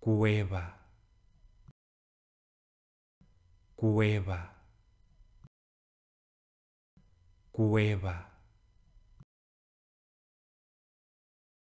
cueva, cueva, cueva.